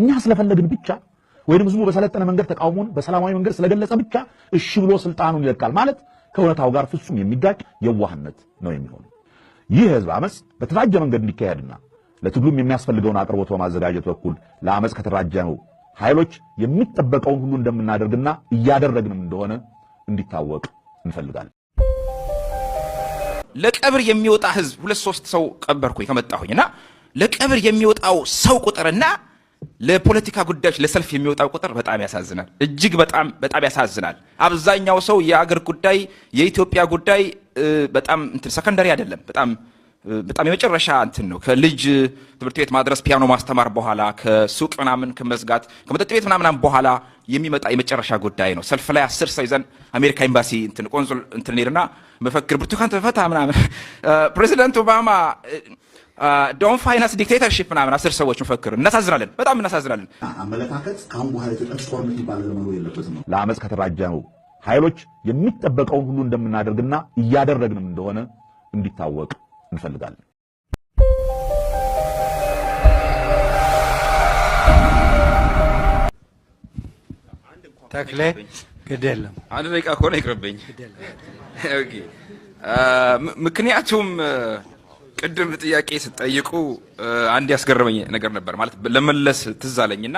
እኛ ስለፈለግን ብቻ ወይንም ህዝቡ በሰለጠነ መንገድ ተቃውሞን በሰላማዊ መንገድ ስለገለጸ ብቻ እሺ ብሎ ስልጣኑን ይለቃል ማለት ከእውነታው ጋር ፍጹም የሚጋጭ የዋህነት ነው የሚሆነው። ይህ የህዝብ አመፅ በተደራጀ መንገድ እንዲካሄድና ለትግሉም የሚያስፈልገውን አቅርቦት በማዘጋጀት በኩል ለአመፅ ከተደራጀው ኃይሎች የሚጠበቀውን ሁሉ እንደምናደርግና እያደረግንም እንደሆነ እንዲታወቅ እንፈልጋለን። ለቀብር የሚወጣ ህዝብ ሁለት ሶስት ሰው ቀበርኩኝ ከመጣሁኝ እና ለቀብር የሚወጣው ሰው ቁጥርና ለፖለቲካ ጉዳዮች ለሰልፍ የሚወጣው ቁጥር በጣም ያሳዝናል። እጅግ በጣም በጣም ያሳዝናል። አብዛኛው ሰው የአገር ጉዳይ የኢትዮጵያ ጉዳይ በጣም እንትን ሰከንደሪ አይደለም። በጣም በጣም የመጨረሻ እንትን ነው። ከልጅ ትምህርት ቤት ማድረስ ፒያኖ ማስተማር በኋላ ከሱቅ ምናምን ከመዝጋት ከመጠጥ ቤት ምናምን በኋላ የሚመጣ የመጨረሻ ጉዳይ ነው። ሰልፍ ላይ አስር ሰው ይዘን አሜሪካ ኤምባሲ እንትን ቆንሱል እንትን ሄድና መፈክር ብርቱካን ተፈታ ምናምን ፕሬዚደንት ኦባማ ዶን ፋይናንስ ዲክቴተርሽፕ ምናምን አስር ሰዎች መፈክር እናሳዝናለን፣ በጣም እናሳዝናለን። አመለካከት ከአሁን በኋላ የኢትዮጵያ ጦርነት የሚባል መኖር የለበትም። ለአመፅ ከተደራጁ ኃይሎች የሚጠበቀውን ሁሉ እንደምናደርግና እያደረግንም እንደሆነ እንዲታወቅ እንፈልጋለን። ተክሌ ግድ የለም አንድ ደቂቃ ከሆነ ይቅርብኝ። ምክንያቱም ቅድም ጥያቄ ስትጠይቁ አንድ ያስገረመኝ ነገር ነበር ማለት ለመለስ ትዝ አለኝና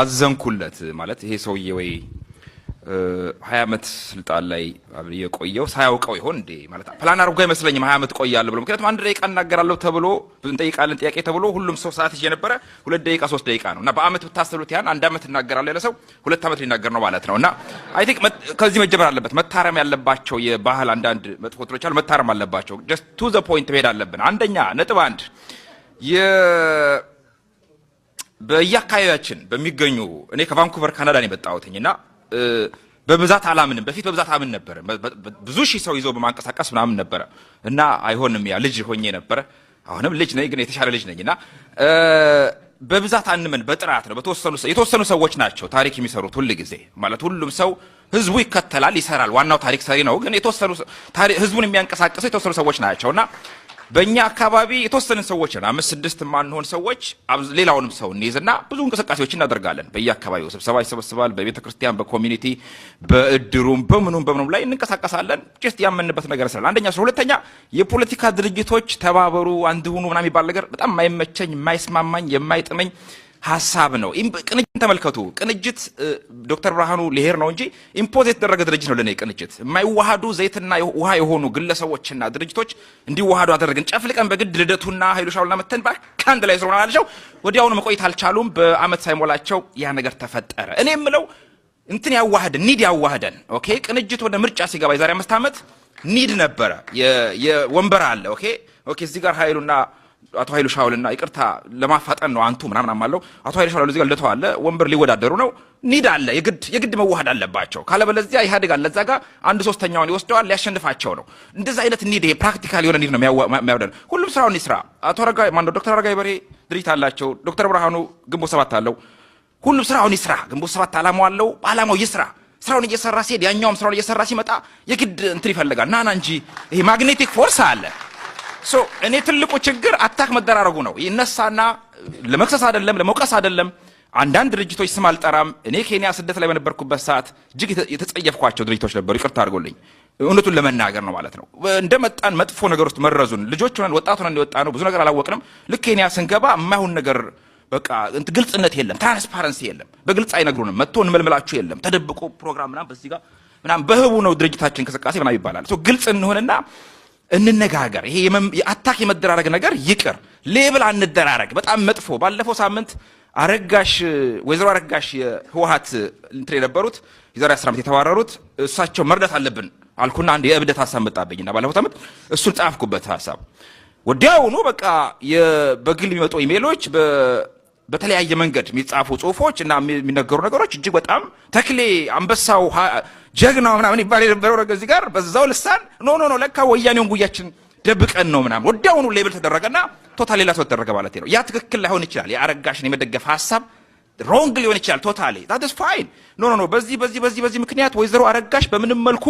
አዘንኩለት ማለት ይሄ ሰውዬ ወይ ሀያ ዓመት ስልጣን ላይ የቆየው ሳያውቀው ይሆን እንዴ? ማለት ፕላን አድርጎ አይመስለኝም። ሀያ ዓመት ቆያለሁ ብሎ ምክንያቱም አንድ ደቂቃ እናገራለሁ ተብሎ እንጠይቃለን ጥያቄ ተብሎ ሁሉም ሰው ሰዓት ይዤ ነበረ። ሁለት ደቂቃ ሶስት ደቂቃ ነው እና በአመት ብታሰሉት ያን አንድ ዓመት እናገራለሁ ያለ ሰው ሁለት ዓመት ሊናገር ነው ማለት ነው። እና አይ ቲንክ ከዚህ መጀመር አለበት። መታረም ያለባቸው የባህል አንዳንድ መጥፎ ትሎች አሉ። መታረም አለባቸው። ጀስት ቱ ዘ ፖይንት መሄድ አለብን። አንደኛ ነጥብ አንድ በየአካባቢያችን በሚገኙ እኔ ከቫንኩቨር ካናዳ ነው የመጣሁትኝ እና በብዛት አላምንም። በፊት በብዛት አምን ነበረ። ብዙ ሺህ ሰው ይዞ በማንቀሳቀስ ምናምን ነበረ እና አይሆንም። ያ ልጅ ሆኜ ነበረ። አሁንም ልጅ ነኝ፣ ግን የተሻለ ልጅ ነኝ እና በብዛት አንምን፣ በጥራት ነው። የተወሰኑ ሰዎች ናቸው ታሪክ የሚሰሩት ሁል ጊዜ ማለት ሁሉም ሰው ህዝቡ ይከተላል፣ ይሰራል። ዋናው ታሪክ ሰሪ ነው። ግን የተወሰኑ ህዝቡን የሚያንቀሳቅሰው የተወሰኑ ሰዎች ናቸውና በእኛ አካባቢ የተወሰነ ሰዎች ነን፣ አምስት ስድስት የማንሆን ሰዎች ሌላውንም ሰው እንይዝና ብዙ እንቅስቃሴዎች እናደርጋለን። በየአካባቢው ስብሰባ ይሰበስባል። በቤተ ክርስቲያን፣ በኮሚኒቲ፣ በእድሩም፣ በምኑም በምኑም ላይ እንቀሳቀሳለን። ጀስት ያመንበት ነገር ስላለ አንደኛ ስ ሁለተኛ የፖለቲካ ድርጅቶች ተባበሩ፣ አንድ ሁኑ ምናምን የሚባል ነገር በጣም የማይመቸኝ የማይስማማኝ የማይጥመኝ ሀሳብ ነው። ቅንጅት ተመልከቱ። ቅንጅት ዶክተር ብርሃኑ ሊሄር ነው እንጂ ኢምፖዝ የተደረገ ድርጅት ነው። ለእኔ ቅንጅት የማይዋሃዱ ዘይትና ውሃ የሆኑ ግለሰቦችና ድርጅቶች እንዲዋሃዱ አደረግን። ጨፍልቀን በግድ ልደቱና ሀይሉ ሻውልና መተን ከአንድ ላይ ስለሆነ አልሸው ወዲያውኑ መቆየት አልቻሉም። በአመት ሳይሞላቸው ያ ነገር ተፈጠረ። እኔ የምለው እንትን ያዋህደን ኒድ ያዋህደን። ኦኬ ቅንጅት ወደ ምርጫ ሲገባ የዛሬ አምስት ዓመት ኒድ ነበረ። የወንበር አለ ኦኬ ኦኬ እዚህ ጋር ሀይሉና አቶ ኃይሉ ሻውልና ይቅርታ ለማፋጠን ነው አንቱ ምናምን አማለው አቶ ኃይሉ ሻውል እዚህ ጋር ልደተው አለ ወንበር ሊወዳደሩ ነው ኒድ አለ የግድ የግድ መዋሃድ አለባቸው ካለበለዚያ ኢህአዴግ አለ እዛ ጋር አንድ ሶስተኛውን ይወስደዋል ሊያሸንፋቸው ነው እንደዛ አይነት ኒድ ይሄ ፕራክቲካል የሆነ ኒድ ነው የሚያወደን ሁሉም ስራውን ይስራ አቶ አረጋ ማን ዶክተር አረጋዊ በሬ ድርጅት አላቸው ዶክተር ብርሃኑ ግንቦት ሰባት አለው ሁሉም ስራውን ይስራ ግንቦት ሰባት አላማው አለው አላማው ይስራ ስራውን እየሰራ ሲሄድ ያኛውም ስራውን እየሰራ ሲመጣ የግድ እንትን ይፈልጋል ናና እንጂ ይሄ ማግኔቲክ ፎርስ አለ እኔ ትልቁ ችግር አታክ መደራረጉ ነው። ይነሳና ለመክሰስ አይደለም ለመውቀስ አይደለም። አንዳንድ ድርጅቶች ስም አልጠራም። እኔ ኬንያ ስደት ላይ በነበርኩበት ሰዓት እጅግ የተጸየፍኳቸው ድርጅቶች ነበሩ። ይቅርታ አድርጎልኝ እውነቱን ለመናገር ነው ማለት ነው። እንደመጣን መጥፎ ነገር ውስጥ መረዙን። ልጆች ሆነን ወጣት ሆነን የወጣ ነው ብዙ ነገር አላወቅንም። ልክ ኬንያ ስንገባ የማይሆን ነገር በቃ ግልጽነት የለም፣ ትራንስፓረንሲ የለም። በግልጽ አይነግሩንም። መጥቶ እንመልመላችሁ የለም። ተደብቆ ፕሮግራም ምናምን በዚህ ጋር ምናምን በህቡ ነው ድርጅታችን እንቅስቃሴ ምናምን ይባላል። ግልጽ እንሆንና እንነጋገር። ይሄ የአታክ የመደራረግ ነገር ይቅር፣ ሌብል አንደራረግ። በጣም መጥፎ። ባለፈው ሳምንት አረጋሽ ወይዘሮ አረጋሽ የህወሀት እንትን የነበሩት የዛሬ አስር ዓመት የተባረሩት እሳቸው መርዳት አለብን አልኩና አንድ የእብደት ሀሳብ መጣብኝና ባለፈው ሳምንት እሱን ጻፍኩበት ሀሳብ ወዲያውኑ በቃ በግል የሚመጡ ኢሜሎች በተለያየ መንገድ የሚጻፉ ጽሁፎች እና የሚነገሩ ነገሮች እጅግ በጣም ተክሌ አንበሳው ጀግና ምናምን ይባል የነበረው ነገር እዚህ ጋር በዛው ልሳን ኖ ኖ ኖ ለካ ወያኔውን ጉያችን ደብቀን ነው ምናምን ወዲያውኑ ሌብል ተደረገና ቶታል ሌላ ተደረገ ማለት ነው። ያ ትክክል ላይሆን ይችላል። የአረጋሽን የመደገፍ ሀሳብ ሮንግ ሊሆን ይችላል። ቶታሊ ታት ኢዝ ፋይን ኖ ኖ ኖ በዚህ በዚህ በዚህ በዚህ ምክንያት ወይዘሮ አረጋሽ በምንም መልኩ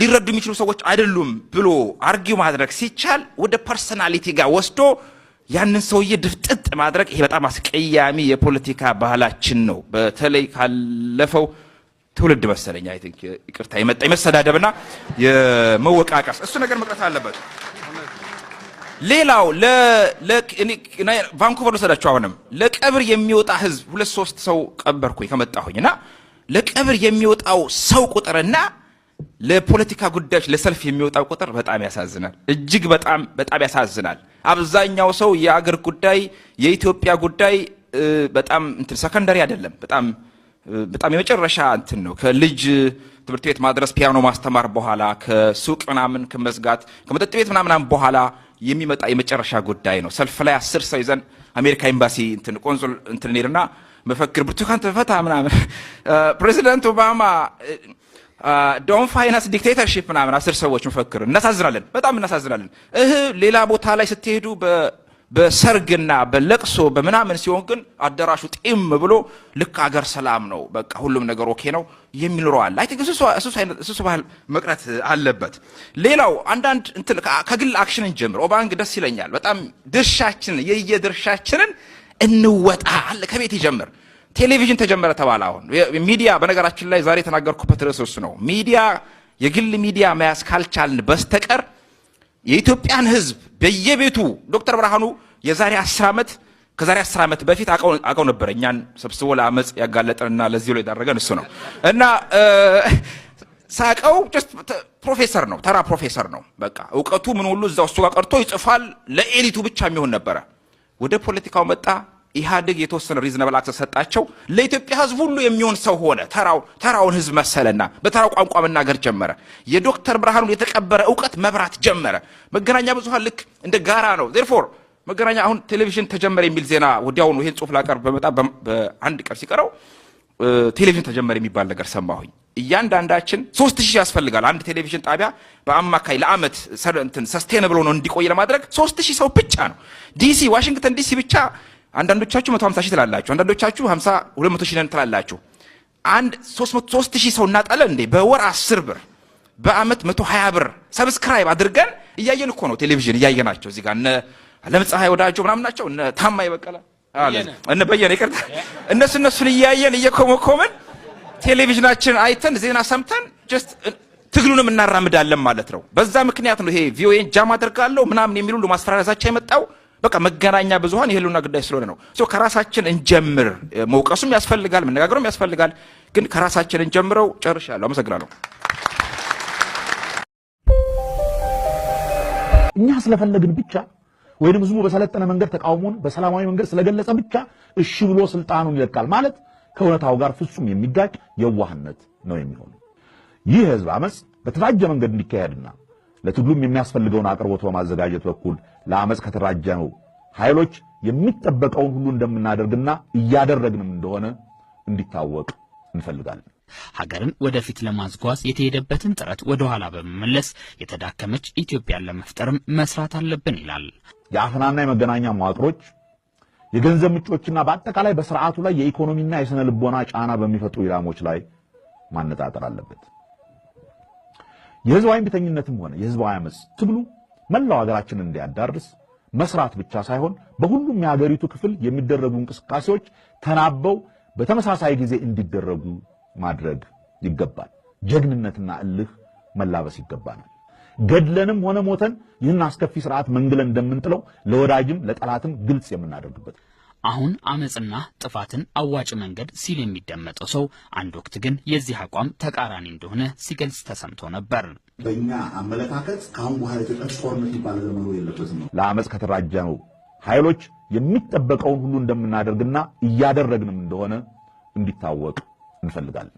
ሊረዱ የሚችሉ ሰዎች አይደሉም ብሎ አርጊው ማድረግ ሲቻል ወደ ፐርሰናሊቲ ጋር ወስዶ ያንን ሰውዬ ድፍጥጥ ማድረግ ይሄ በጣም አስቀያሚ የፖለቲካ ባህላችን ነው። በተለይ ካለፈው ትውልድ መሰለኝ አይ ቲንክ ይቅርታ የመጣ የመሰዳደብና የመወቃቀስ እሱ ነገር መቅረት አለበት። ሌላው ቫንኩቨር ልወሰዳችሁ። አሁንም ለቀብር የሚወጣ ህዝብ ሁለት ሶስት ሰው ቀበርኩኝ ከመጣሁኝ እና ለቀብር የሚወጣው ሰው ቁጥርና ለፖለቲካ ጉዳዮች ለሰልፍ የሚወጣው ቁጥር በጣም ያሳዝናል። እጅግ በጣም በጣም ያሳዝናል። አብዛኛው ሰው የአገር ጉዳይ የኢትዮጵያ ጉዳይ በጣም እንትን ሰከንደሪ አይደለም። በጣም በጣም የመጨረሻ እንትን ነው። ከልጅ ትምህርት ቤት ማድረስ ፒያኖ ማስተማር በኋላ ከሱቅ ምናምን ከመዝጋት ከመጠጥ ቤት ምናምናም በኋላ የሚመጣ የመጨረሻ ጉዳይ ነው። ሰልፍ ላይ አስር ሰው ይዘን አሜሪካ ኤምባሲ እንትን ቆንሱል እንትን ሄድና መፈክር ብርቱካን ተፈታ ምናምን ፕሬዚደንት ኦባማ ዶን ፋይናንስ ዲክቴተርሺፕ ምናምን አስር ሰዎች መፈክር እናሳዝናለን፣ በጣም እናሳዝናለን። እህ ሌላ ቦታ ላይ ስትሄዱ በሰርግና በለቅሶ በምናምን ሲሆን ግን አዳራሹ ጢም ብሎ ልክ አገር ሰላም ነው፣ በቃ ሁሉም ነገር ኦኬ ነው የሚኖረዋል። አይ እሱ ባህል መቅረት አለበት። ሌላው አንዳንድ ከግል አክሽንን ጀምር። ኦባንግ ደስ ይለኛል በጣም ድርሻችንን የየድርሻችንን እንወጣ አለ። ከቤት ይጀምር ቴሌቪዥን ተጀመረ ተባለ። አሁን ሚዲያ በነገራችን ላይ ዛሬ የተናገርኩበት ርዕስ እሱ ነው። ሚዲያ የግል ሚዲያ መያዝ ካልቻልን በስተቀር የኢትዮጵያን ሕዝብ በየቤቱ ዶክተር ብርሃኑ የዛሬ አስር ዓመት ከዛሬ አስር ዓመት በፊት አውቀው ነበር። እኛን ሰብስቦ ለአመፅ ያጋለጠንና ለዚህ ብሎ የዳረገን እሱ ነው እና ሳቀው ፕሮፌሰር ነው፣ ተራ ፕሮፌሰር ነው። በቃ እውቀቱ ምን ሁሉ እዛ ውስጡ ጋር ቀርቶ ይጽፋል። ለኤሊቱ ብቻ የሚሆን ነበረ። ወደ ፖለቲካው መጣ። ኢህአዴግ የተወሰነ ሪዝነብል አክሰስ ሰጣቸው። ለኢትዮጵያ ህዝብ ሁሉ የሚሆን ሰው ሆነ። ተራው ተራውን ህዝብ መሰለና በተራው ቋንቋ መናገር ጀመረ። የዶክተር ብርሃኑን የተቀበረ እውቀት መብራት ጀመረ። መገናኛ ብዙሃን ልክ እንደ ጋራ ነው። ዜርፎር መገናኛ አሁን ቴሌቪዥን ተጀመረ የሚል ዜና ወዲያውኑ ይህን ጽሁፍ ላቀርብ በመጣ በአንድ ቀን ሲቀረው ቴሌቪዥን ተጀመረ የሚባል ነገር ሰማሁኝ። እያንዳንዳችን ሶስት ሺህ ያስፈልጋል። አንድ ቴሌቪዥን ጣቢያ በአማካይ ለአመት ሰስቴነብል ሆኖ እንዲቆይ ለማድረግ ሶስት ሺህ ሰው ብቻ ነው። ዲሲ ዋሽንግተን ዲሲ ብቻ አንዳንዶቻችሁ 150 ሺህ ትላላችሁ፣ አንዳንዶቻችሁ 50 200 ሺህ ነን ትላላችሁ። አንድ 3 ሺህ ሰው እናጣለን እንዴ? በወር 10 ብር በአመት 120 ብር ሰብስክራይብ አድርገን እያየን እኮ ነው። ቴሌቪዥን እያየናቸው እዚህ ጋር እነ ለምጽሐይ ወዳጆ ምናምን ናቸው እነ ታማ ይበቀለ እነ በየነ ይቅርታ፣ እነሱ እነሱን እያየን እየኮመኮምን ቴሌቪዥናችን አይተን ዜና ሰምተን ጀስት ትግሉንም እናራምዳለን ማለት ነው። በዛ ምክንያት ነው ይሄ ቪኦኤን ጃማ አደርጋለሁ ምናምን የሚሉ ማስፈራሪያ ዛቻ የመጣው። በቃ መገናኛ ብዙሀን የህልውና ጉዳይ ስለሆነ ነው። ከራሳችን እንጀምር። መውቀሱም ያስፈልጋል፣ መነጋገሩም ያስፈልጋል። ግን ከራሳችን እንጀምረው። ጨርሻለሁ። አመሰግናለሁ። እኛ ስለፈለግን ብቻ ወይንም ህዝቡ በሰለጠነ መንገድ ተቃውሞን በሰላማዊ መንገድ ስለገለጸ ብቻ እሺ ብሎ ስልጣኑን ይለቃል ማለት ከእውነታው ጋር ፍጹም የሚጋጭ የዋህነት ነው የሚሆነው። ይህ ህዝብ አመፅ በተደራጀ መንገድ እንዲካሄድና ለትግሉም የሚያስፈልገውን አቅርቦት በማዘጋጀት በኩል ለአመፅ ከተራጀው ኃይሎች የሚጠበቀውን ሁሉ እንደምናደርግና እያደረግንም እንደሆነ እንዲታወቅ እንፈልጋለን። ሀገርን ወደፊት ለማዝጓዝ የተሄደበትን ጥረት ወደኋላ በመመለስ የተዳከመች ኢትዮጵያን ለመፍጠርም መስራት አለብን ይላል። የአፈናና የመገናኛ መዋቅሮች የገንዘብ ምንጮችና በአጠቃላይ በስርዓቱ ላይ የኢኮኖሚና የሥነ ልቦና ጫና በሚፈጥሩ ኢላሞች ላይ ማነጣጠር አለበት። የህዝባዊ እምቢተኝነትም ሆነ የህዝባዊ አመፅ ትግሉ መላው ሀገራችን እንዲያዳርስ መስራት ብቻ ሳይሆን በሁሉም የሀገሪቱ ክፍል የሚደረጉ እንቅስቃሴዎች ተናበው በተመሳሳይ ጊዜ እንዲደረጉ ማድረግ ይገባል። ጀግንነትና እልህ መላበስ ይገባናል። ገድለንም ሆነ ሞተን ይህን አስከፊ ስርዓት መንግለን እንደምንጥለው ለወዳጅም ለጠላትም ግልጽ የምናደርግበት አሁን አመፅና ጥፋትን አዋጭ መንገድ ሲል የሚደመጠው ሰው አንድ ወቅት ግን የዚህ አቋም ተቃራኒ እንደሆነ ሲገልጽ ተሰምቶ ነበር። በእኛ አመለካከት ከአሁን በኋላ ኢትዮጵያ ጦርነት የሚባል ዘመኑ የለበትም ነው። ለአመፅ ነው ኃይሎች የሚጠበቀውን ሁሉ እንደምናደርግና እያደረግንም እንደሆነ እንዲታወቅ እንፈልጋለን።